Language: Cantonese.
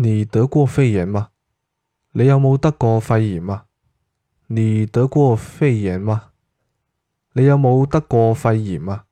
你得過肺炎嗎？你有冇得過肺炎啊？你得過肺炎嗎？你有冇得過肺炎啊？